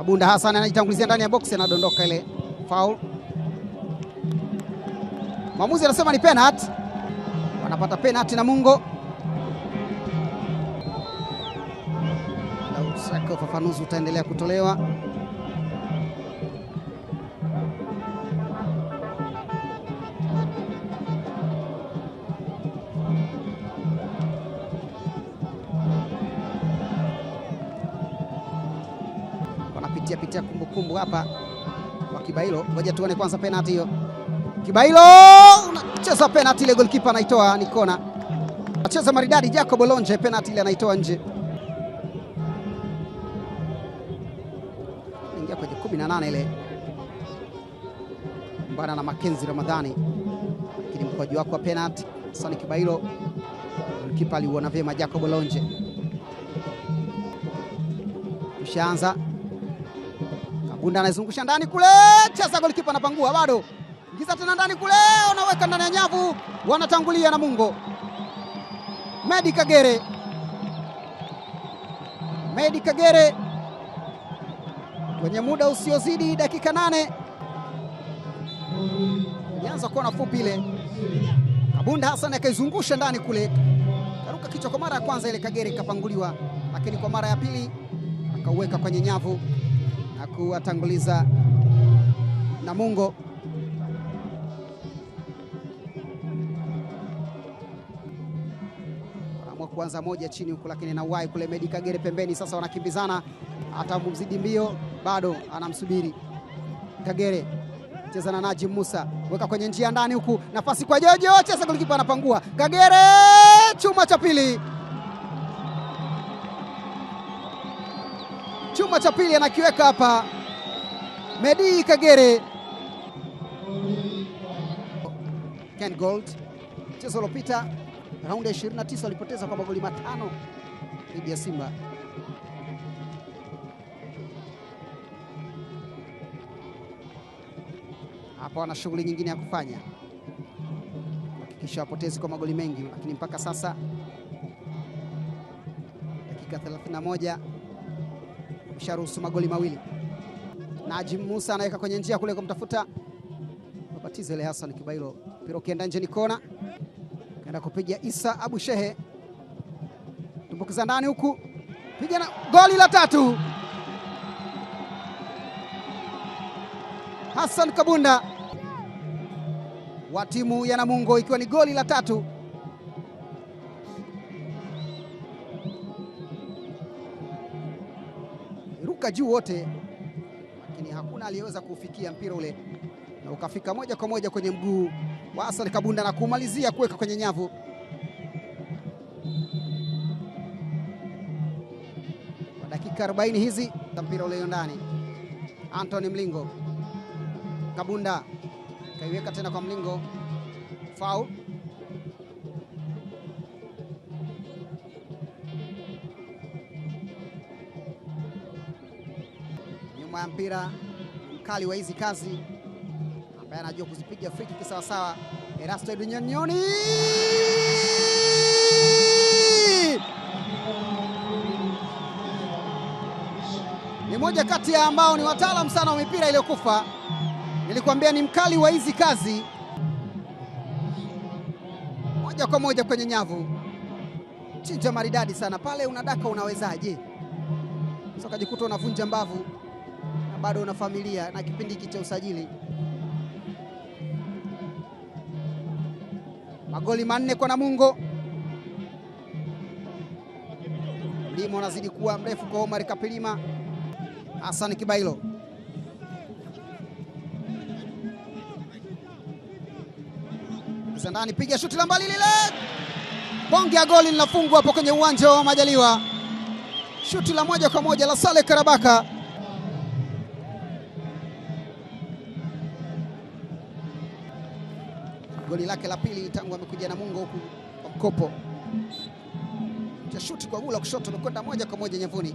Kabunda Hassan anajitangulizia ndani ya box, anadondoka ile foul. Mwamuzi anasema ni penalty, wanapata penalty Namungo. Ufafanuzi utaendelea kutolewa. pitia pitia kumbukumbu hapa kwa Kibailo, ngoja tuone kwanza penalty hiyo. Kibailo anacheza penalty ile, goalkeeper anaitoa, ni kona. Anacheza maridadi Jacob Olonje, penalty ile anaitoa nje. Ingia kwenye 18 ile mbana na Makenzi Ramadhani, lakini mkwaju wako wa penalty Sani Kibailo, Goalkeeper aliuona vyema Jacob Olonje. Ushaanza Bunda anazungusha ndani kule, cheza golikipa anapangua bado. Ingiza tena ndani kule, anaweka ndani ya nyavu, wanatangulia na mungo Medi Kagere, Medi Kagere kwenye muda usiozidi dakika nane alianza kona fupi ile, Kabunda Hassan akaizungusha ndani kule, karuka kichwa kwa mara ya kwanza ile, Kagere ikapanguliwa, lakini kwa mara ya pili akauweka kwenye nyavu na kuwatanguliza Namungo. Wanaamua kuanza moja chini huku, lakini Nauai kule Medi Kagere pembeni, sasa wanakimbizana, atamzidi mbio, bado anamsubiri Kagere cheza na Naji Musa, weka kwenye njia ndani huku, nafasi kwa Jojo, cheza golikipa, anapangua Kagere, chuma cha pili. Chuma cha pili anakiweka hapa Medi Kagere. Ken Gold mchezo uliopita raundi ya 29 alipoteza kwa magoli matano dhidi ya Simba. Hapa wana shughuli nyingine ya kufanya kuhakikisha wapotezi kwa magoli mengi, lakini mpaka sasa dakika 31 ruhusu magoli mawili. Najim Musa anaweka kwenye njia kule kumtafuta ile Hassan Kibailo, mpira ukienda nje ni kona, kaenda kupiga Isa Abu Shehe, tumbukiza ndani huku, piga na goli la tatu. Hassan Kabunda wa timu ya Namungo, ikiwa ni goli la tatu. waliruka juu wote, lakini hakuna aliyeweza kufikia mpira ule, na ukafika moja kwa moja kwenye mguu wa Hassan Kabunda na kumalizia kuweka kwenye nyavu. Kwa dakika 40 hizi mpira ule ndani. Anthony Mlingo, Kabunda kaiweka tena kwa Mlingo, faul mwa mpira mkali wa hizi kazi ambaye anajua kuzipiga friki kisawasawa. Erasto Edunyonioni ni moja kati ya ambao ni wataalam sana wa mipira iliyokufa. Nilikuambia ni mkali wa hizi kazi, moja kwa moja kwenye nyavu, chinja maridadi sana pale. Unadaka unawezaje? Sasa kajikuta unavunja mbavu bado una familia na kipindi hiki cha usajili. Magoli manne kwa Namungo. Limo anazidi kuwa mrefu kwa Omar Kapilima. Hassan Kibailo Sandani, piga shuti la mbali lile, bonge ya goli linafungwa hapo kwenye uwanja wa Majaliwa, shuti la moja kwa moja la Sale Karabaka. goli lake la pili tangu amekuja Namungo huku kwa mkopo cha shuti kwa gula kushoto likwenda moja kwa moja nyavuni.